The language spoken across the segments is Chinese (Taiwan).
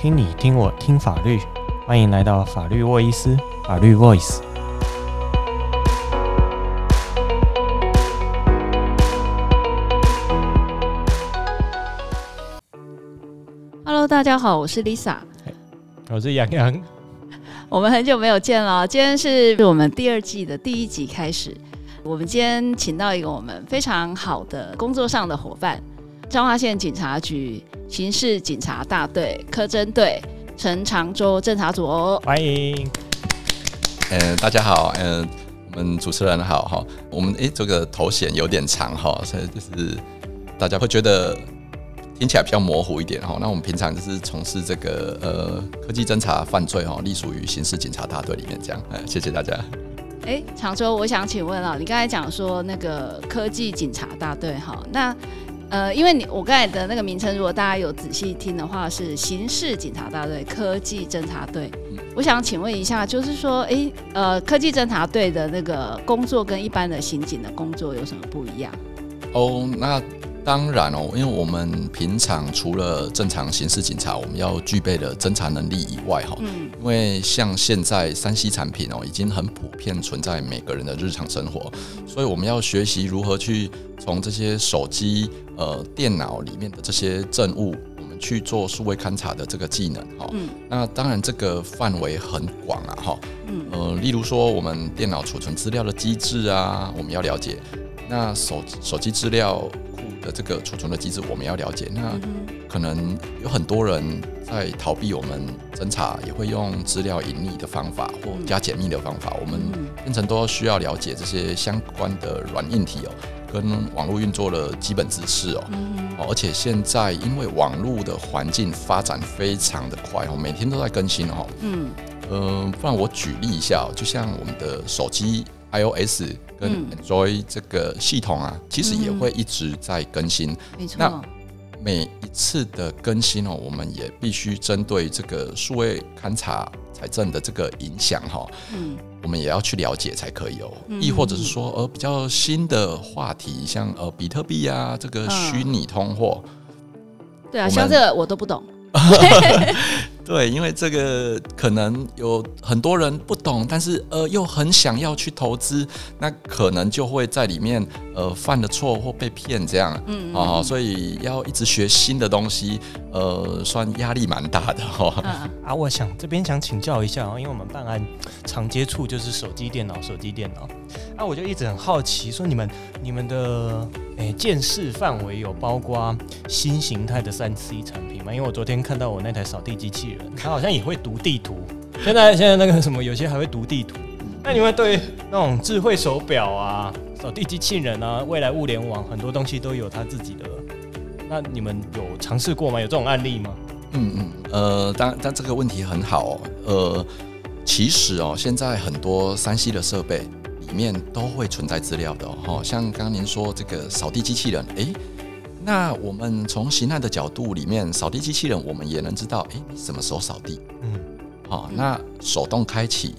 聽你，聽我，聽法律，歡迎來到法律沃伊絲，法律 Voice。Hello，大家好，我是 Lisa，Hey, 我是楊洋，洋，我們很久沒有見了，今天是我們第二季的第一集開始，我們今天請到一個我們非常好的工作上的夥伴。彰化縣警察局刑事警察大隊科偵隊陳長洲偵查佐、哦、歡迎，嗯、欸，大家好，嗯、欸，我們主持人好哈，我們哎、欸，這個頭銜有點長哈，所以就是大家會覺得聽起來比較模糊一點哈。那我們平常就是從事這個呃科技偵查犯罪哈，隸屬於刑事警察大隊裡面這樣，哎、欸，謝謝大家。哎、欸，長洲我想請問啊，你剛才講說那個科技警察大隊哈，那呃，因為你我剛才的那個名稱，如果大家有仔細聽的話，是刑事警察大隊科技偵查隊。嗯。我想請問一下，就是說，誒，呃，科技偵查隊的那個工作跟一般的刑警的工作有什麼不一樣？哦，oh，那。當然哦，因為我們平常除了正常刑事警察我們要具備的偵查能力以外，哈，嗯，因為像現在 3C 產品哦，已經很普遍存在每個人的日常生活，所以我們要學習如何去從這些手機、呃電腦裡面的這些證物，我們去做數位勘查的這個技能，哈，嗯，那當然這個範圍很廣啊，哈，嗯，呃，例如說我們電腦儲存資料的機制啊，我們要了解，那手手機資料。的這個儲存的機制，我們要了解。那可能有很多人在逃避我們偵查，也會用資料隱匿的方法或加解密的方法。嗯、我們變成都需要了解這些相關的軟硬體哦，跟網絡運作的基本知識哦。嗯、而且現在因為網絡的環境發展非常的快哦，每天都在更新哦。嗯，呃、不然我舉例一下、哦，就像我們的手機。iOS 跟 Android 這個系統啊、嗯，其實也會一直在更新、嗯。那每一次的更新哦，我們也必須針對這個數位勘查財政的這個影響哈、哦，嗯，我們也要去了解才可以哦。亦、嗯、或者是說，呃，比較新的話題，像呃，比特幣啊，這個虛擬通貨、嗯，對啊，像這個我都不懂。 對，因為這個可能有很多人不懂，但是呃，又很想要去投資，那可能就會在裡面呃犯了錯或被騙這樣。嗯，嗯，哦，所以要一直學新的東西，呃，算壓力蠻大的哈、哦啊啊。啊，我想這邊想請教一下哦，因為我們辦案常接觸就是手機、電腦、手機、電腦，那、啊、我就一直很好奇，說你們你們的。誒、欸，鑑識範圍有包括新型態的三 C 產品嗎？因為我昨天看到我那台掃地機器人，它好像也會讀地圖。現在現在那個什麼，有些還會讀地圖。那你們對那種智慧手錶啊、掃地機器人啊、未來物聯網很多東西都有它自己的。那你們有嘗試過嗎？有這種案例嗎？嗯嗯，呃，但但這個問題很好哦。呃，其實哦，現在很多三 C 的設備。裡面都會存在資料的哈、喔，像剛剛您說這個掃地機器人，哎、欸，那我們從刑案的角度裡面，掃地機器人我們也能知道，哎、欸，什麼時候掃地，嗯，好、喔，那手動開啟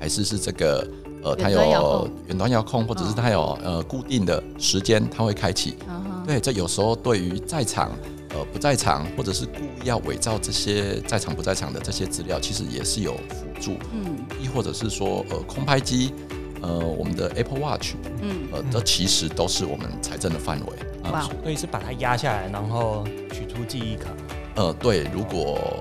還是是這個，呃，它有遠端遙控，或者是它有好好呃固定的時間它會開啟。對，這有時候對於在場、呃不在場，或者是故意要偽造這些在場不在場的這些資料，其實也是有輔助，嗯，亦或者是說呃空拍機。呃，我們的 Apple Watch，、嗯、呃，這、嗯、其實都是我們財政的範圍啊。所以是把它壓下來，然後取出記憶卡。呃，對，如果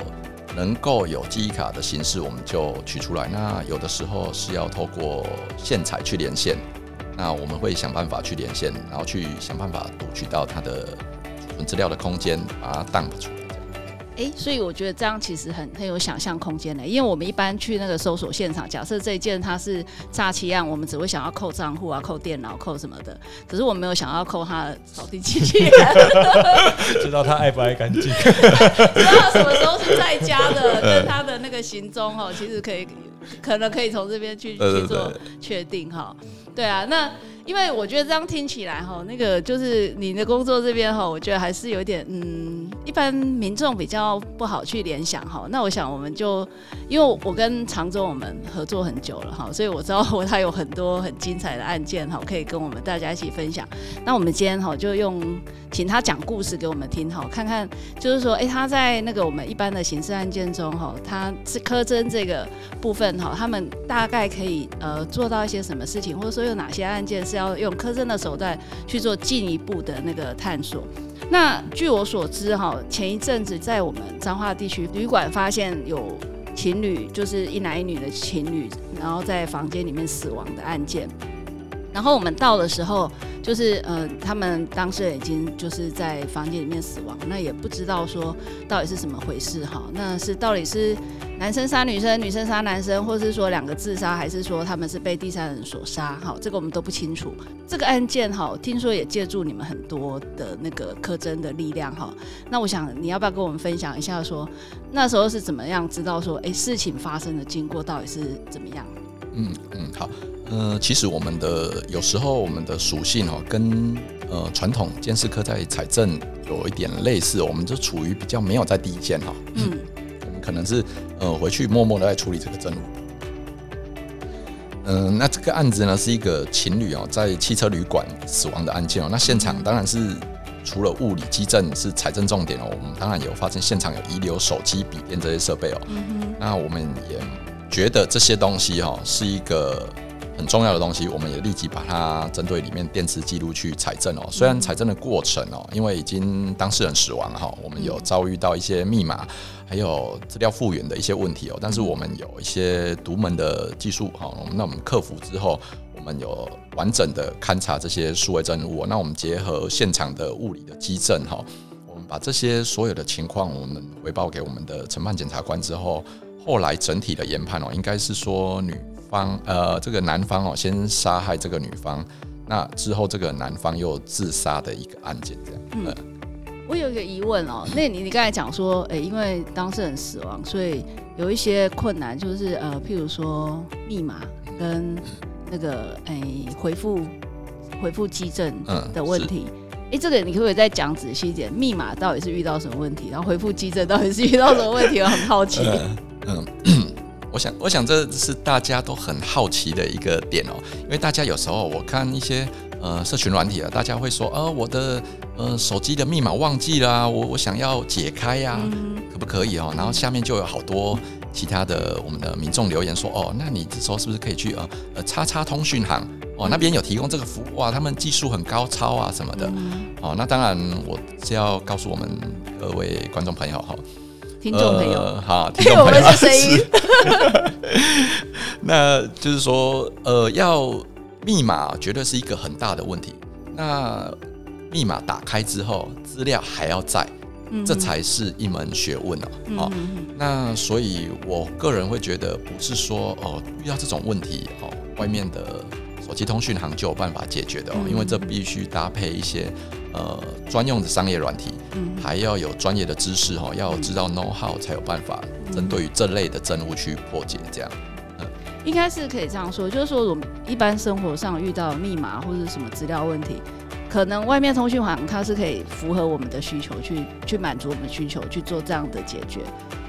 能夠有記憶卡的形式，我們就取出來。那有的時候是要透過線材去連線，那我們會想辦法去連線，然後去想辦法讀取到它的儲存資料的空間，把它 dump 出來。欸、所以我覺得這樣其實很很有想象空間的，因為我們一般去那個搜索現場，假設這一件它是詐欺案，我們只會想要扣賬戶啊、扣電腦、扣什麼的，可是我們沒有想要扣他掃地機器人 知道他愛不愛乾淨，知道他什麼時候是在家的，跟 他的那個行蹤哦、喔，其實可以可能可以從這邊去 去做確定哈、喔。對啊，那。因為我覺得這樣聽起來哈，那個就是你的工作這邊哈，我覺得還是有點嗯，一般民眾比較不好去聯想哈。那我想我們就，因為我跟長洲我們合作很久了哈，所以我知道他有很多很精彩的案件哈，可以跟我們大家一起分享。那我們今天哈就用請他講故事給我們聽哈，看看就是說，哎，他在那個我們一般的刑事案件中哈，他是科偵這個部分哈，他們大概可以呃做到一些什麼事情，或者說有哪些案件是，要用科偵的手段去做進一步的那個探索。那據我所知，哈，前一陣子在我們彰化地區旅館發現有情侶，就是一男一女的情侶，然後在房間裡面死亡的案件。然後我們到的時候，就是嗯、呃，他們當事人已經就是在房間裡面死亡，那也不知道說到底是什麼回事哈。那是到底是男生殺女生、女生殺男生，或是說兩個自殺，還是說他們是被第三人所殺？哈，這個我們都不清楚。這個案件哈，聽說也借助你們很多的那個科偵的力量哈。那我想你要不要跟我們分享一下說，說那時候是怎麼樣知道說，誒，事情發生的經過到底是怎麼樣？嗯嗯好，呃其實我們的有時候我們的屬性哦跟呃傳統鑑識科在採證有一點類似，哦，我們就處於比較沒有在第一線哈、哦嗯，嗯，我們可能是呃回去默默的在處理這個證物。嗯、呃，那這個案子，呢是一個情侶哦在汽車旅館死亡的案件哦，那現場當然是除了物理跡證是採證重點哦，我們當然有發現現場有遺留手機筆電這些設備哦，嗯、那我們也。覺得這些東西哈是一個很重要的東西，我們也立即把它針對裡面電磁紀錄去採證哦。雖然採證的過程哦，因為已經當事人死亡哈，我們有遭遇到一些密碼還有資料復原的一些問題哦，但是我們有一些獨門的技術哈。那我們克服之後，我們有完整的勘察這些數位證物。那我們結合現場的物理的跡證哈，我們把這些所有的情況，我們回報給我們的承辦檢察官之後。後來整體的研判哦、喔，應該是說女方呃，這個男方哦、喔、先殺害這個女方，那之後這個男方又自殺的一個案件這樣。嗯，嗯我有一個疑問哦、喔，那你你剛才講說，哎、 欸，因為當事人死亡，所以有一些困難，就是呃，譬如說密碼跟那個哎、欸、回復回復跡證的問題，哎、欸，這個你可不可以再講仔細一點，密碼到底是遇到什麼問題，然後回復跡證到底是遇到什麼問題，我很好奇、 嗯。 嗯，我想，我想這是大家都很好奇的一個點哦，因為大家有時候我看一些呃社群軟體啊，大家會說，哦、呃，我的呃手機的密碼忘記啦、啊，我我想要解開呀、啊嗯，可不可以哦？然後下面就有好多其他的我們的民眾留言說，哦，那你這時候是不是可以去呃呃叉叉通訊行哦，嗯、那邊有提供這個服務啊，他們技術很高超啊什麼的、嗯，哦，那當然我是要告訴我們各位觀眾朋友哈、哦。聽眾朋友、呃，好，聽眾朋友，欸、我的聲音。是、 那就是說，呃，要密碼絕對是一個很大的問題。那密碼打開之後，資料還要在、嗯，這才是一門學問呢、啊嗯。哦，那所以我個人會覺得，不是說哦、呃，遇到這種問題哦，外面的。手機通訊行就有辦法解決的哦，嗯嗯，因為這必須搭配一些呃專用的商業軟體，嗯，嗯，還要有專業的知識哈、哦，要知道 know how 才有辦法針對於這類的證物去破解這樣，嗯、應該是可以這樣說，就是說我們一般生活上遇到密碼或者什麼資料問題。可能外面通訊行它是可以符合我們的需求，去去滿足我們的需求去做這樣的解決。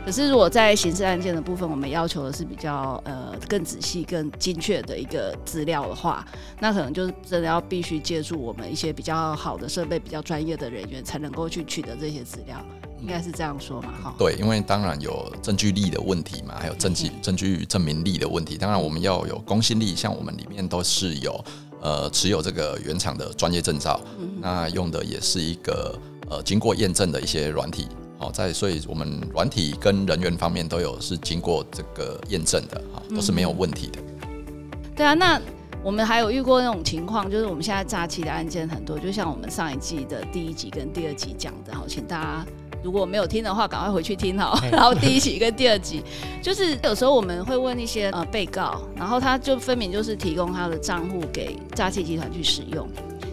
可是如果在刑事案件的部分，我們要求的是比較呃更仔細、更精確的一個資料的話，那可能就是真的要必須借助我們一些比較好的設備、比較專業的人員才能夠去取得這些資料，應該是這樣說嘛。哈、嗯。對，因為當然有證據力的問題嘛，還有證據證據證明力的問題、嗯。當然我們要有公信力，像我們裡面都是有。呃，持有這個原廠的專業證照、嗯，那用的也是一個呃經過驗證的一些軟體，好、哦、在，所以我們軟體跟人員方面都有是經過這個驗證的啊、哦，都是沒有問題的、嗯。對啊，那我們還有遇過那種情況，就是我們現在詐欺的案件很多，就像我們上一季的第一集跟第二集講的，好，請大家。如果沒有聽的話，趕快回去聽好。 然後第一集跟第二集，就是有時候我們會問一些呃被告，然後他就分明就是提供他的賬戶給詐騙集團去使用，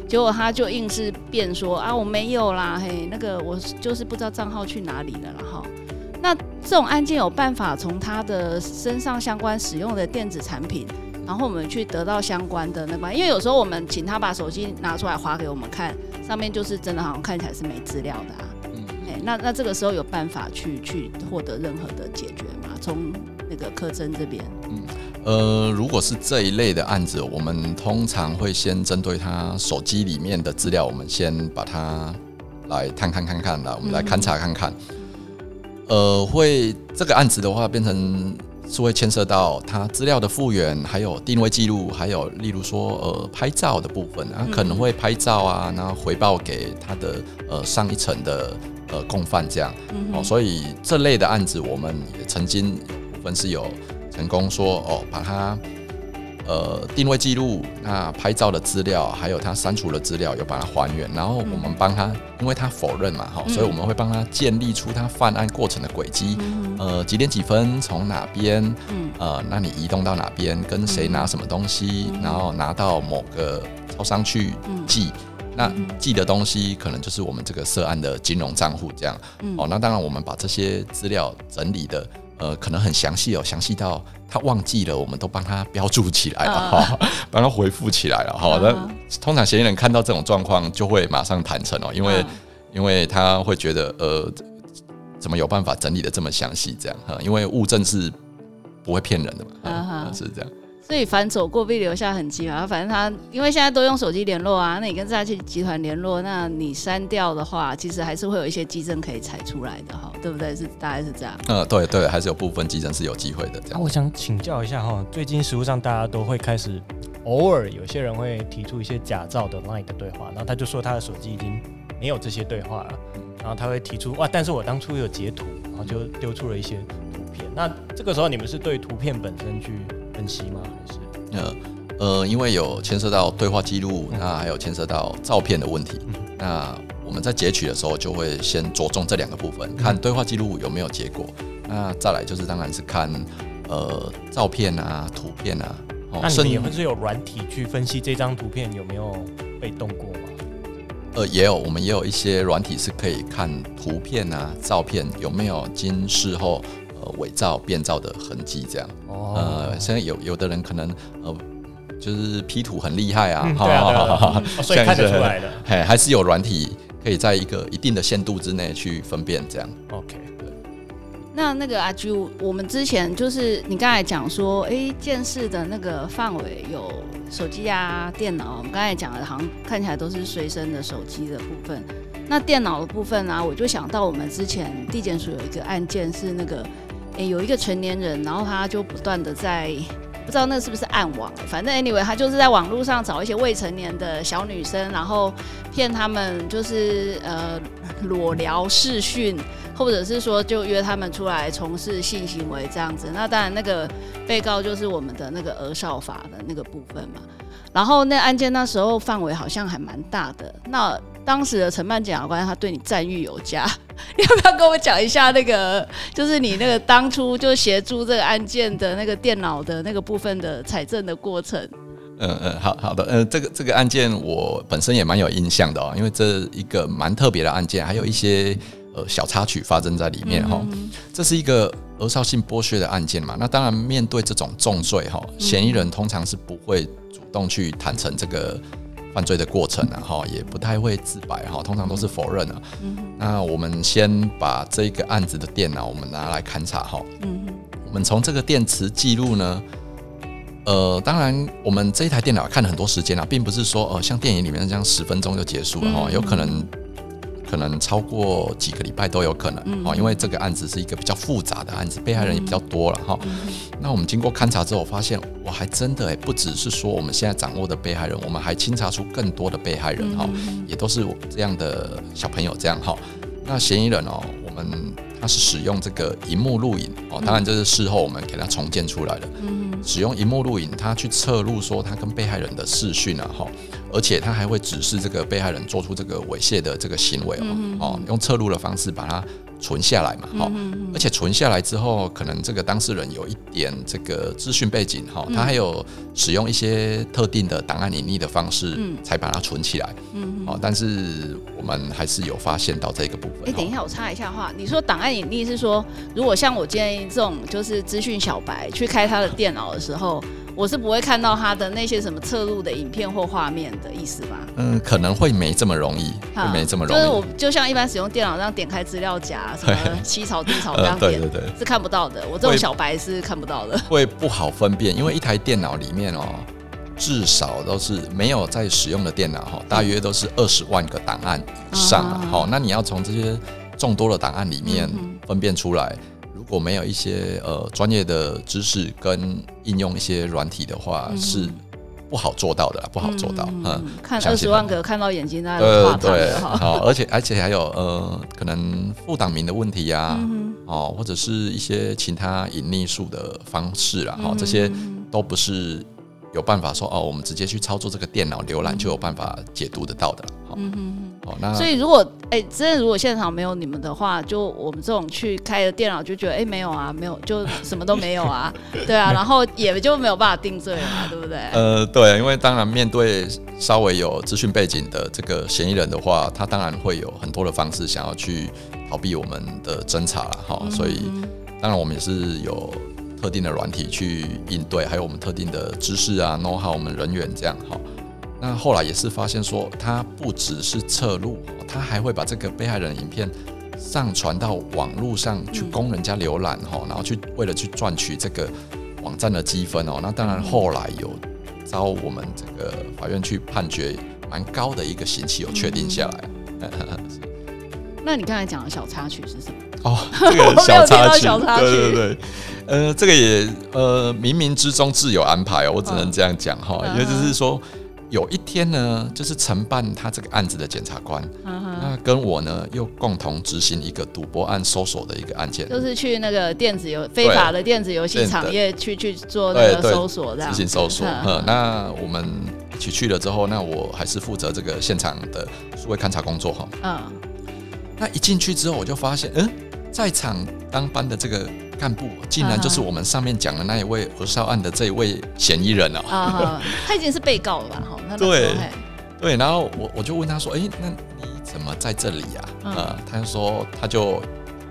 結果他就硬是辯說啊，我沒有啦，嘿，那個我就是不知道賬號去哪裡了。然後那這種案件有辦法從他的身上相關使用的電子產品，然後我們去得到相關的那個，因為有時候我們請他把手機拿出來劃給我們看，上面就是真的好像看起來是沒資料的啊。那那這個時候有辦法去去獲得任何的解決嗎？從那個科偵這邊，嗯，呃，如果是這一類的案子，我們通常會先針對他手機裡面的資料，我們先把它來探看看看，來我們來勘察看看。嗯、呃，會這個案子的話，變成是會牽涉到他資料的復原，還有定位記錄，還有例如說呃拍照的部分啊，可能會拍照啊、嗯，然後回報給他的呃上一層的。呃，共犯這樣、嗯，哦，所以這類的案子，我們也曾經部分是有成功說，哦，把它呃定位記錄，那拍照的資料，還有他刪除的資料，又把它還原，然後我們幫他、嗯，因為他否認嘛，哈、哦，所以我們會幫他建立出他犯案過程的軌跡、嗯，呃，幾點幾分，從哪邊、嗯，呃，那你移動到哪邊，跟誰拿什麼東西、嗯，然後拿到某個超商去寄。嗯那寄的東西可能就是我們這個涉案的金融賬戶這樣、嗯，嗯、哦，那當然我們把這些資料整理的，呃，可能很詳細哦，詳細到他忘記了，我們都幫他標注起來了哈，幫、啊哦、他回復起來了哈、啊哦。那通常嫌疑人看到這種狀況，就會馬上坦承哦，因為、啊、因為他會覺得，呃，怎麼有辦法整理的這麼詳細這樣？哈，因為物證是不會騙人的嘛，啊啊是這樣。所以凡走過必留下痕跡嘛，反正他因為現在都用手機聯絡啊，那你跟詐騙集團聯絡，那你刪掉的話，其實還是會有一些跡證可以採出來的哈，對不對？是大概是這樣。嗯，對對，還是有部分跡證是有機會的。這樣、啊，我想請教一下哈，最近實務上大家都會開始偶爾有些人會提出一些假造的 LINE 的對話，然後他就說他的手機已經沒有這些對話了，然後他會提出哇，但是我當初有截圖，然後就丟出了一些圖片。那這個時候你們是對圖片本身去分析嗎？還是？呃呃，因為有牽涉到對話記錄、嗯，那還有牽涉到照片的問題。嗯、那我們在截取的時候，就會先着重這兩個部分，嗯、看對話記錄有沒有結果。那再來就是，當然是看呃照片啊、圖片啊。哦，那你們是有軟體去分析這張圖片有沒有被動過嗎？呃，也有，我們也有一些軟體是可以看圖片啊、照片有沒有經事後。偽造、變造的痕跡，這樣哦。呃，現在有有的人可能呃，就是 P 圖很厲害啊、嗯，啊啊啊所以看得出來的還是有軟體可以在一個一定的限度之內去分辨這樣。OK，對。那那個阿朱，我們之前就是你剛才講說，哎、欸，鑑識的那個範圍有手機啊、電腦。我們剛才講的，好像看起來都是隨身的手機的部分。那電腦的部分呢、啊，我就想到我們之前地檢署有一個案件是那個。誒，有一個成年人，然後他就不斷的在，不知道那是不是暗網，反正 anyway，他就是在網絡上找一些未成年的小女生，然後騙他們就是呃裸聊視訊，或者是說就約他們出來從事性行為這樣子。那當然那個被告就是我們的那個兒少法的那個部分嘛。然後那案件那時候範圍好像還蠻大的。那當時的承辦檢察官，他對你贊譽有加，你要不要跟我講一下那個，就是你那個當初就協助這個案件的那個電腦的那個部分的採證的過程？嗯嗯，好好的，呃、嗯，這個這個案件我本身也蠻有印象的、喔、因為這一個蠻特別的案件，還有一些呃小插曲發生在裡面哈、喔嗯。這是一個兒少性剝削的案件嘛？那當然，面對這種重罪哈、喔嗯，嫌疑人通常是不會主動去坦承這個。犯罪的過程、啊，然、嗯、後也不太會自白哈，通常都是否認的、啊嗯。那我們先把這個案子的電腦，我們拿來勘察哈。嗯，我們從這個電池記錄呢，呃，當然我們這一台電腦看了很多時間啊，並不是說呃像電影裡面這樣十分鐘就結束了哈、嗯，有可能。可能超過幾個禮拜都有可能，哈、嗯，因為這個案子是一個比較複雜的案子，被害人也比較多了，哈、嗯。那我們經過勘查之後，發現我還真的誒、欸，不只是說我們現在掌握的被害人，我們還清查出更多的被害人，哈、嗯，也都是這樣的小朋友這樣，哈。那嫌疑人哦、喔，我們。他是使用這個螢幕錄影哦，當然這是事後我們給他重建出來的，嗯，使用螢幕錄影，他去側錄說他跟被害人的視訊啊哈、哦，而且他還會指示這個被害人做出這個猥褻的這個行為哦、嗯，哦，用側錄的方式把他，存下來嘛，哈、嗯嗯，而且存下來之後，可能這個當事人有一點這個資訊背景，哈，他還有使用一些特定的檔案隱匿的方式、嗯，才把它存起來，嗯，哼嗯哼，但是我們還是有發現到這個部分。哎、欸，等一下，我插一下話，你說檔案隱匿是說，如果像我建議這種就是資訊小白去開他的電腦的時候。我是不會看到他的那些什麼側錄的影片或畫面的意思吧？嗯，可能會沒這麼容易，會沒這麼容易。就是我就像一般使用電腦，這樣點開資料夾什麼 C 槽、D 槽這樣點，嗯，對對對，是看不到的。我這種小白是看不到的。會，會不好分辨，因為一台電腦裡面哦，至少都是沒有在使用的電腦哈、哦，大約都是二十萬個檔案以上了，啊。好，嗯，那你要從這些眾多的檔案裡面分辨出來。嗯如果沒有一些呃專業的知識跟應用一些軟體的話、嗯，是不好做到的，不好做到。嗯，看二十萬個看到眼睛在怕怕的哈。而且而且還有呃，可能副黨名的問題呀、啊嗯，哦，或者是一些其他隱匿術的方式啊哈、哦嗯，這些都不是。有辦法說哦，我們直接去操作這個電腦瀏覽，就有辦法解讀得到的。好、嗯哦，所以如果哎、欸，真的如果現場沒有你們的話，就我們這種去開着電腦就覺得哎、欸，沒有啊，沒有，就什麼都沒有啊， 對啊，然後也就沒有辦法定罪了、啊， 對不對？呃，對、啊，因為當然面對稍微有資訊背景的這個嫌疑人的話，他當然會有很多的方式想要去逃避我們的偵查了哈、哦嗯。所以當然我們也是有。特定的軟體去應對，還有我們特定的知識啊、mm -hmm.，know how 我們人員這樣哈。那後來也是發現說，他不只是側錄，他還會把這個被害人影片上傳到網絡上去供人家瀏覽哈，mm -hmm. 然後去為了去賺取這個網站的積分哦。那當然後來有遭我們這個法院去判決，蠻高的一個刑期有確定下來。Mm -hmm. 那你剛才講的小插曲是什麼？哦、oh,， 這個小插曲，對對對,對。呃，這個也呃，冥冥之中自有安排，喔，我只能這樣講哈、啊。因為就是說，有一天呢，就是承辦他這個案子的檢察官、啊，那跟我呢又共同執行一個賭博案搜索的一個案件，就是去那個電子遊非法的電子遊戲產業去去做那個搜索的。執行搜索，嗯、啊，那我們一起去了之後，那我還是負責這個現場的數位勘查工作哈。嗯、啊，那一進去之後，我就發現，嗯、欸，在場當班的這個。幹部竟然就是我們上面講的那一位兒少案的這一位嫌疑人哦、uh！-huh. uh -huh. 他已經是被告了吧？對對。然後我我就問他說：“誒，那你怎麼在這裡啊？” uh -huh. 呃，他就說，他就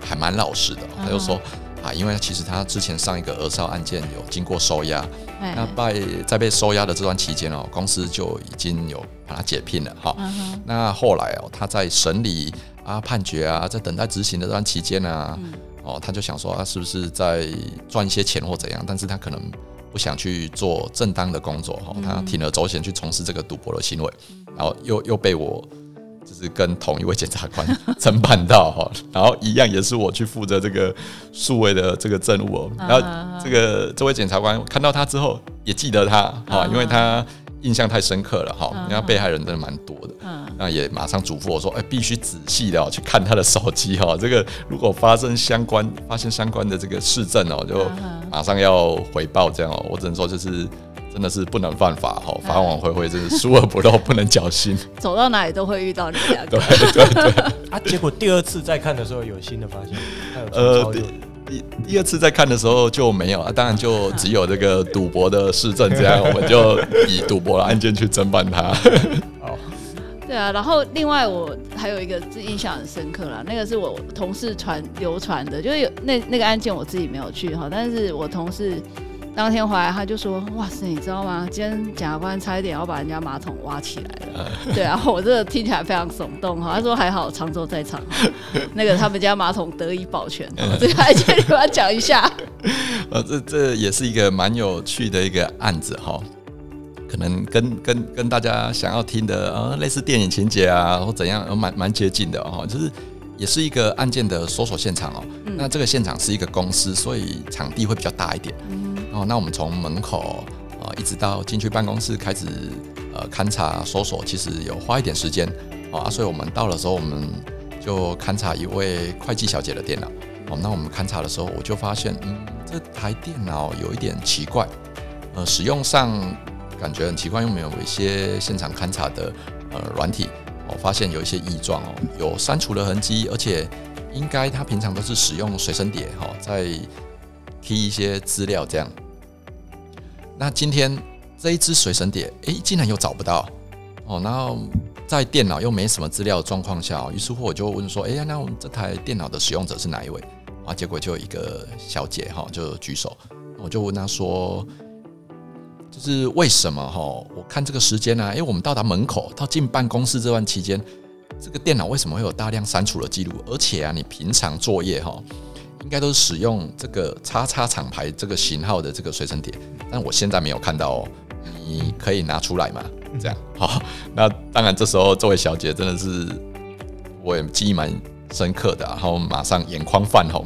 還蠻老實的，他就說：“ uh -huh. 啊，因為其實他之前上一個兒少案件有經過收押，uh -huh. 那在在被收押的這段期間哦，公司就已經有把他解聘了。哈、哦，uh -huh. 那後來哦，他在審理啊判決啊，在等待執行的這段期間呢、啊。Uh -huh. 哦，他就想說他是不是在賺一些錢或怎樣，但是他可能不想去做正當的工作，哈、哦，他鋌而走險去從事這個賭博的行為，然後又又被我就是跟同一位檢察官偵辦到，哈、 哦，然後一樣也是我去負責這個數位的這個證物， 然後這個這位檢察官看到他之後也記得他，哈、哦， 因為他。印象太深刻了哈，你、嗯、看被害人真的蠻多的，嗯，那也馬上囑咐我說，哎、欸，必須仔細的，喔、去看他的手機哈、喔，這個如果發生相關、發生相關的這個事證哦、喔，就馬上要回報這樣哦、喔。我只能說就是真的是不能犯法哈、喔，法網恢恢，真是疏而不漏， 不能僥幸。走到哪裡都會遇到你啊！對對對， 啊，結果第二次再看的時候有新的發現，還有第第二次再看的時候就沒有啊，當然就只有這個賭博的事證這樣，我們就以賭博的案件去偵辦他。哦，對啊，然後另外我還有一個印象很深刻啦，那個是我同事傳流傳的，就是有那那個案件我自己沒有去哈，但是我同事。當天回來，他就說：“哇塞，你知道嗎？今天檢察官差一點要把人家馬桶挖起來了。啊”對啊， 我真的聽起來非常聳動哈。他說：“還好長洲在場， 那個他們家馬桶得以保全。”對，還請你幫他講一下。呃、 啊，這這也是一個蠻有趣的一個案子哈、哦。可能跟跟跟大家想要聽的啊、哦，類似電影情節啊，或怎樣，蠻蠻接近的哈、哦。就是也是一個案件的搜索現場哦、嗯。那這個現場是一個公司，所以場地會比較大一點。嗯哦，那我們從門口啊、呃、一直到進去辦公室開始呃勘察搜索，其實有花一點時間、哦、啊，所以我們到的時候，我們就勘察一位會計小姐的電腦哦。那我們勘察的時候，我就發現嗯這台電腦有一點奇怪，呃使用上感覺很奇怪，因為我們有一些現場勘察的呃軟體，我、哦、發現有一些異狀哦，有刪除的痕跡，而且應該他平常都是使用隨身碟哈，在、哦、貼一些資料這樣。那今天這一隻隨身碟，哎、欸，竟然又找不到哦。然後在電腦又沒什麼資料的狀況下，於是乎我就問說：“哎、欸、那我們這台電腦的使用者是哪一位？”啊，結果就有一個小姐哈、哦，就舉手。我就問她說：“就是為什麼哈、哦？我看這個時間呢、啊？因、欸、為我們到達門口到進辦公室這段期間，這個電腦為什麼會有大量刪除的記錄？而且啊，你平常作業哈？”哦應該都是使用這個叉叉廠牌這個型號的這個隨身碟，但我現在沒有看到哦。你可以拿出來嗎？這樣好。那當然，這時候這位小姐真的是，我也記憶蠻深刻的啊。然後馬上眼眶泛紅，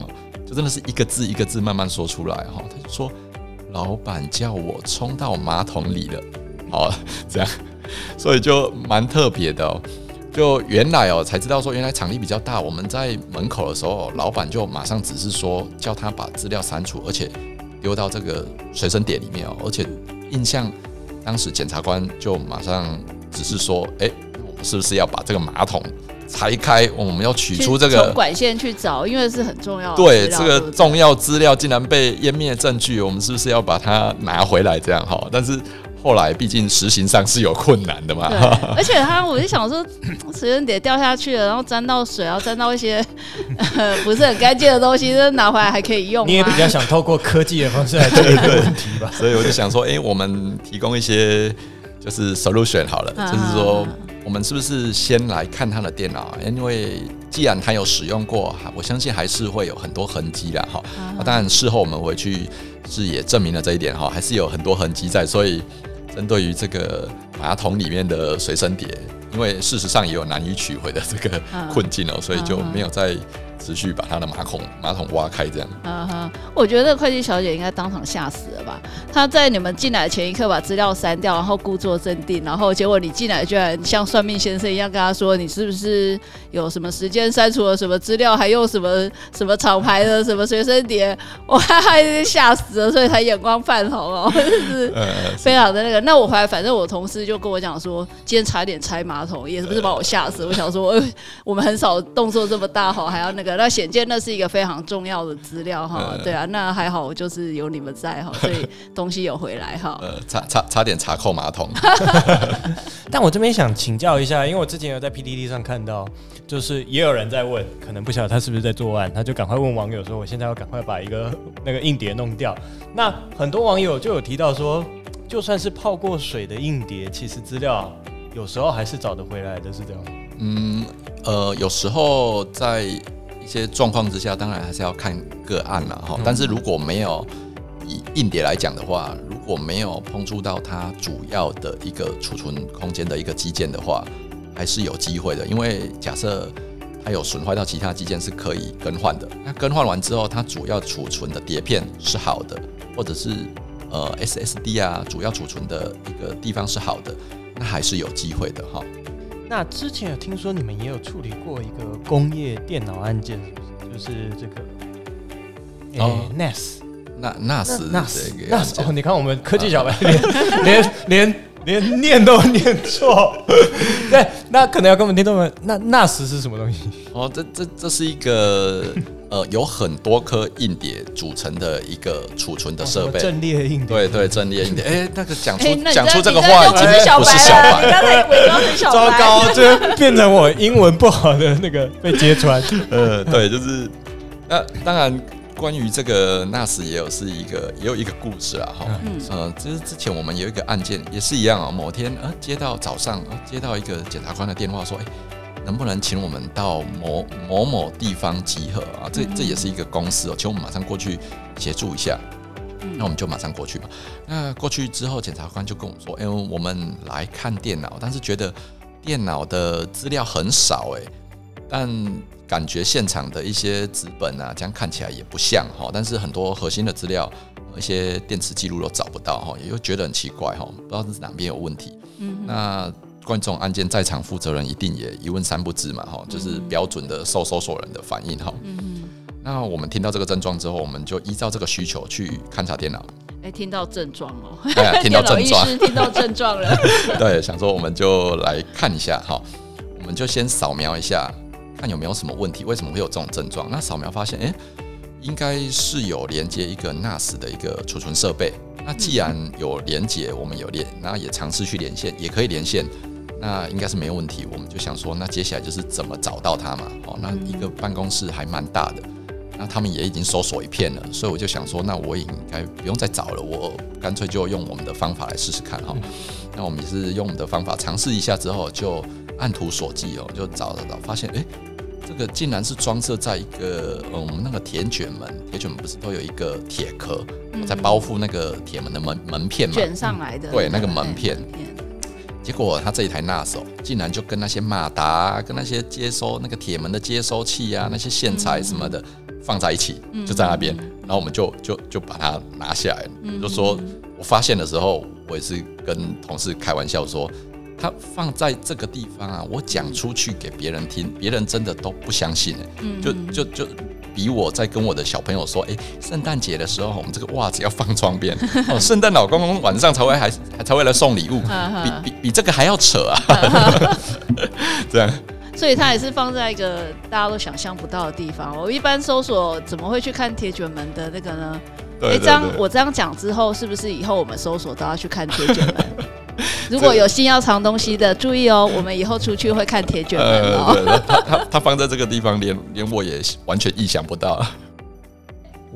就真的是一個字一個字慢慢說出來哈。她就說：“老闆叫我沖到馬桶裡了。”好，這樣，所以就蠻特別的哦。就原來哦、喔，才知道說原來場地比較大。我們在門口的時候，老板就馬上指示說叫他把資料刪除，而且丟到這個隨身碟裡面哦、喔。而且印象當時檢察官就馬上指示說，哎、欸，我們是不是要把這個馬桶拆開？我們要取出這個管線去找，因為是很重要的。對，這個重要資料竟然被湮滅證據，我們是不是要把它拿回來這樣哈？但是。後來畢竟實行上是有困難的嘛， 而且他我就想說，隨身碟掉下去了，然後沾到水，然後沾到一些、 呃、不是很乾淨的東西，這拿回來還可以用？啊。你也比較想透過科技的方式來解決這個問題吧？所以我就想說，哎、 欸，我們提供一些就是 solution 好了， 就是說。我們是不是先來看他的電腦？因為既然他有使用過，我相信還是會有很多痕跡的哈。當然事後我們回去是也證明了這一點哈，還是有很多痕跡在。所以針對於這個馬桶裡面的隨身碟，因為事實上也有難以取回的這個困境哦，所以就沒有在。持續把他的馬桶馬桶挖開，這樣。Uh -huh. 我覺得那個會計小姐應該當場嚇死了吧？她在你們進來前一刻把資料刪掉，然後故作鎮定，然後結果你進來居然像算命先生一樣跟她說：“你是不是有什麼時間刪除了什麼資料？還用什麼什麼廠牌的什麼隨身碟？”我還哈，嚇死了，所以才眼光泛紅哦，就 是，是、uh -huh. 非常的那個。那我回來，反正我同事就跟我講說，今天差一點拆馬桶，也是不是把我嚇死了？Uh -huh. 我想說、呃，我們很少動作這麼大，好還要那個。那顯見，那是一個非常重要的資料哈、呃。對啊，那還好，就是有你們在哈，所以東西有回來哈、呃。差差差點查扣馬桶。 但我這邊想請教一下，因為我之前有在 PTT 上看到，就是也有人在問，可能不曉得他是不是在作案，他就趕快問網友說：“我現在要趕快把一個那個硬碟弄掉。”那很多網友就有提到說，就算是泡過水的硬碟，其實資料有時候還是找得回來的，是，是這樣？嗯，呃，有時候在。這些狀況之下，當然還是要看個案了哈。但是如果沒有，以硬碟來講的話，如果沒有碰觸到它主要的一個儲存空間的一個機件的話，還是有機會的。因為假設它有損壞到其他機件，是可以更換的。那更換完之後，它主要儲存的碟片是好的，或者是呃 SSD 啊，主要儲存的一個地方是好的，那還是有機會的哈。那之前有聽說你們也有處理過一個工業電腦案件，是不是？就是這個哦、欸、，NAS，那 NAS，NAS 哦，你看我們科技小白連連、啊、連。 連 連連連念都念錯， 對，那可能要跟我們聽眾們，那 NAS 是什麼東西？哦，這這這是一個呃，有很多顆硬碟組成的一個儲存的設備，哦哦、陣列硬碟。對對，陣列硬碟。哎，那個講出講出這個話已經不是小白了，不是小白，是小白，糟糕，就變成我英文不好的那個被揭穿。呃，對，就是呃，當然。關於這個，NAS 也有是一個，也有一個故事啊。哈。嗯，呃，就是之前我們有一個案件，也是一樣啊、喔。某天，呃，接到早上、呃、接到一個檢察官的電話，說，誒、欸，能不能請我們到某某某地方集合啊？這、嗯、這也是一個公司哦、喔，請我們馬上過去協助一下、嗯。那我們就馬上過去吧。那過去之後，檢察官就跟我說，誒、欸，我們來看電腦，但是覺得電腦的資料很少、欸，誒。但。感覺現場的一些紙本啊，這樣看起來也不像哈，但是很多核心的資料、一些電磁記錄都找不到哈，也就覺得很奇怪哈，不知道是哪邊有問題。嗯，那關於這種案件，在場負責人一定也一問三不知嘛哈，就是標準的受搜索的人的反應哈。嗯嗯。那我們聽到這個症狀之後，我們就依照這個需求去勘查電腦。哎、欸，聽到症狀了對、啊。聽到症狀。 聽,聽到症狀了。 對，想說我們就來看一下哈，我們就先掃描一下。看有沒有什麼問題？為什麼會有這種症狀？那掃描發現，誒、欸，應該是有連接一個 NAS 的一個儲存設備。那既然有連接，我們有連，那也嘗試去連線，也可以連線。那應該是沒有問題。我們就想說，那接下來就是怎麼找到它嘛？哦，那一個辦公室還蠻大的。那他們也已經搜索一片了，所以我就想說，那我也應該不用再找了，我乾脆就用我們的方法來試試看哈。那我們也是用我們的方法嘗試一下之後，就按圖索驥哦，就找了找，找，發現，誒、欸。這個竟然是裝設在一個，嗯，我們那個鐵捲門，鐵捲門不是都有一個鐵殼、嗯嗯，在包覆那個鐵門的門門片嘛？捲上來的，嗯、對，那個門片。嗯、結果他這一台 NAS 竟然就跟那些馬達、跟那些接收那個鐵門的接收器啊、嗯，那些線材什麼的嗯嗯，放在一起，就在那邊。然後我們就就就把它拿下來嗯嗯，就說，我發現的時候，我也是跟同事開玩笑說。他放在這個地方啊，我講出去給別人聽，別人真的都不相信，欸、嗯嗯就就就比我在跟我的小朋友說，哎、欸，聖誕節的時候我們這個襪子要放窗邊，聖 誕、哦，老公公晚上才會還還才會來送禮物， 比比比這個還要扯啊！ 這樣，所以他也是放在一個大家都想象不到的地方。我一般搜索怎麼會去看鐵卷門的那個呢？哎、欸，這樣我這樣講之後，是不是以後我們搜索都要去看鐵卷門？ 如果有心要藏東西的，注意哦，我們以後出去會看鐵卷門，哦呃、他他、他放在這個地方，連連我也完全意想不到。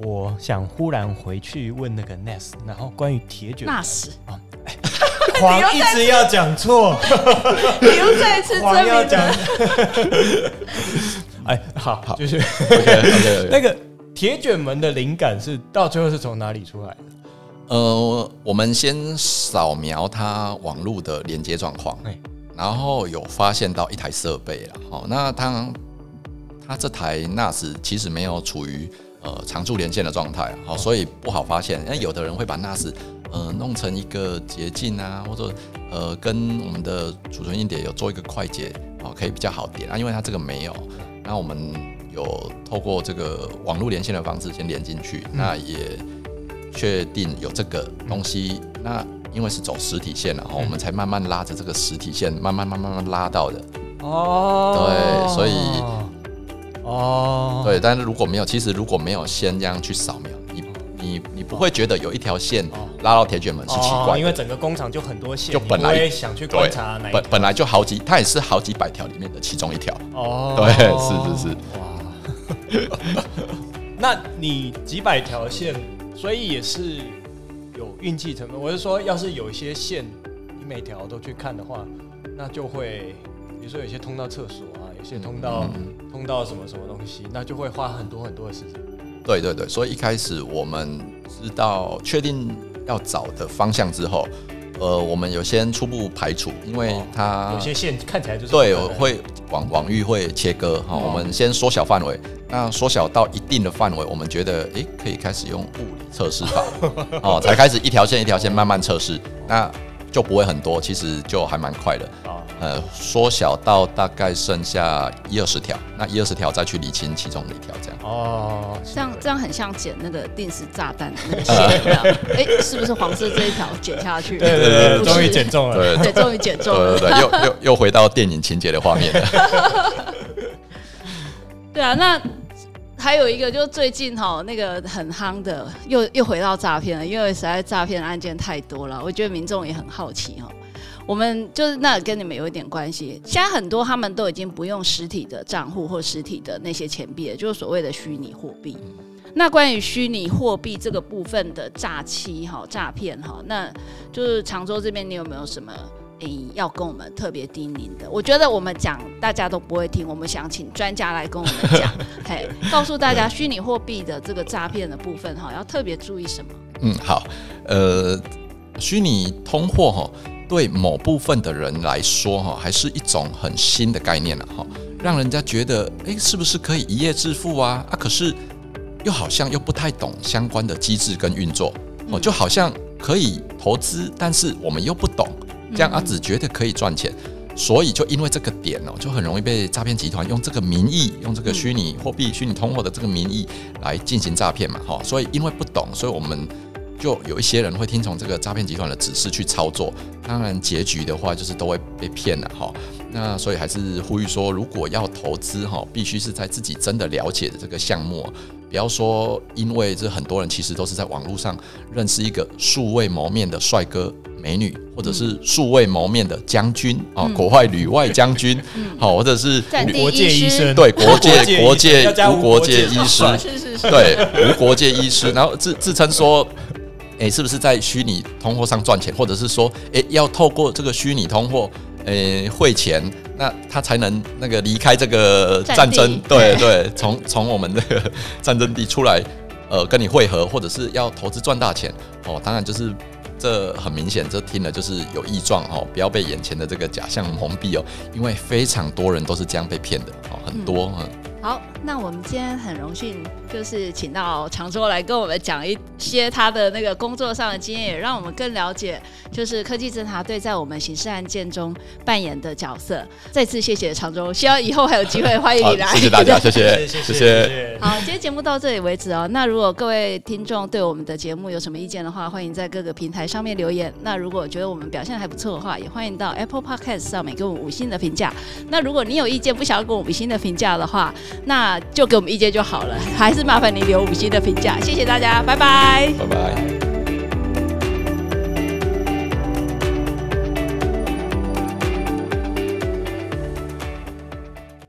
我想忽然回去問那個 NAS，然後關於鐵卷門。那是你，啊欸、一直要講錯， 你，又講 你又再一次真要講。哎，好好，就是 OK OK OK, okay.。那個鐵卷門的靈感是到最後是從哪裡出來的？呃，我們先掃描它網絡的連接狀況，然後有發現到一台設備了，好、喔，那它它這台 NAS 其實沒有處於呃常駐連線的狀態、喔，所以不好發現。那有的人會把 NAS 呃弄成一個捷徑啊，或者呃跟我們的儲存硬碟有做一個快捷，好、喔，可以比較好點啊，因為它這個沒有。那我們有透過這個網絡連線的方式先連進去、嗯，那也。確定有這個東西、嗯，那因為是走實體線，然後我們才慢慢拉着這個實體線，慢慢，慢慢慢慢拉到的。哦，對，所以，哦，對，但是如果沒有，其實如果沒有先這樣去掃描，你你你不會覺得有一條線拉到鐵捲門是奇怪、哦，因為整個工廠就很多線，就本來想去觀察本本來就好幾，它也是好幾百條裡面的其中一條。哦，對，是是是。哇！ 那你幾百條線？所以也是有運氣成分。我是說，要是有一些線，你每條都去看的話，那就會，比如說有些通到廁所啊，有些通到、嗯、通到什麼什麼東西，那就會花很多很多的時間。對對對，所以一開始我們知道確定要找的方向之後。呃，我們有先初步排除，因為它、哦、有些線看起來就是對，會往往域會切割哈、哦哦，我們先縮小範圍。那縮小到一定的範圍，我們覺得誒、欸，可以開始用物理測試法 哦，才開始一條線一條線慢慢測試、哦。那。就不會很多，其實就還蠻快的。哦、呃，縮小到大概剩下一二十條，那一二十條再去理清其中的一條，這樣。哦，這樣這樣很像剪那個定時炸彈的那個線，哎、 欸，是不是黃色這一條剪下去了？對對對，終於剪中了。對，對，對，終於剪中了。對對對，又又又回到電影情節的畫面了。 對啊，那。還有一個，就是最近哈、喔，那個很夯的，又又回到詐騙了，因為實在詐騙案件太多了，我覺得民眾也很好奇哈、喔。我們就是那跟你們有一點關係，現在很多他們都已經不用實體的賬戶或實體的那些錢幣了，就是所謂的虛擬貨幣。那關於虛擬貨幣這個部分的詐欺哈、喔、詐騙哈，那就是長洲這邊你有沒有什麼？欸、要跟我們特別叮嚀的，我覺得我們講大家都不會聽，我們想請專家來跟我們講，嘿、 欸，告訴大家虛擬貨幣的這個詐騙的部分哈、嗯嗯，要特別注意什麼？嗯，好，呃，虛擬通貨哈，對某部分的人來說哈，還是一種很新的概念了哈，讓人家覺得誒、欸，是不是可以一夜致富啊？啊，可是又好像又不太懂相關的機制跟運作，哦，就好像可以投資，但是我們又不懂。這樣，阿紫覺得可以賺錢，所以就因為這個點哦、喔，就很容易被詐騙集團用這個名義，用這個虛擬貨幣、虛擬通貨的這個名義來進行詐騙嘛，哈，所以因為不懂，所以我們。就有一些人會聽從這個詐騙集團的指示去操作，當然結局的話就是都會被騙了哈。那所以還是呼籲說，如果要投資哈，必須是在自己真的了解的這個項目，不要說因為這很多人其實都是在網絡上認識一個素未謀面的帥哥美女，或者是素未謀面的將軍啊、嗯，國外旅外將軍，好、嗯，或者是無國界醫生，對，國界國界 無國界醫師，對，無國界醫師，然後自自稱說。誒、欸，是不是在虛擬通貨上賺錢，或者是說，誒、欸，要透過這個虛擬通貨，誒、欸，匯錢，那他才能那個離開這個戰爭，對對，從從我們的戰爭地出來，呃，跟你匯合，或者是要投資賺大錢，哦，當然就是這很明顯，這聽了就是有異狀哦，不要被眼前的這個假象蒙蔽哦，因為非常多人都是這樣被騙的哦，很多。嗯好，那我們今天很榮幸，就是請到長洲來跟我們講一些他的那個工作上的經驗，也讓我們更了解，就是科技偵查隊在我們刑事案件中扮演的角色。再次謝謝長洲，希望以後還有機會歡迎你來。謝謝大家，謝謝謝謝，謝謝，謝謝。好，今天節目到這裡為止哦、喔。那如果各位聽眾對我們的節目有什麼意見的話，歡迎在各個平台上面留言。那如果覺得我們表現還不錯的話，也歡迎到 Apple Podcast 上面給我們五星的評價。那如果你有意見，不想要給我們五星的評價的話，那就給我們意見就好了，還是麻煩你留五星的評價，謝謝大家，拜拜，拜拜。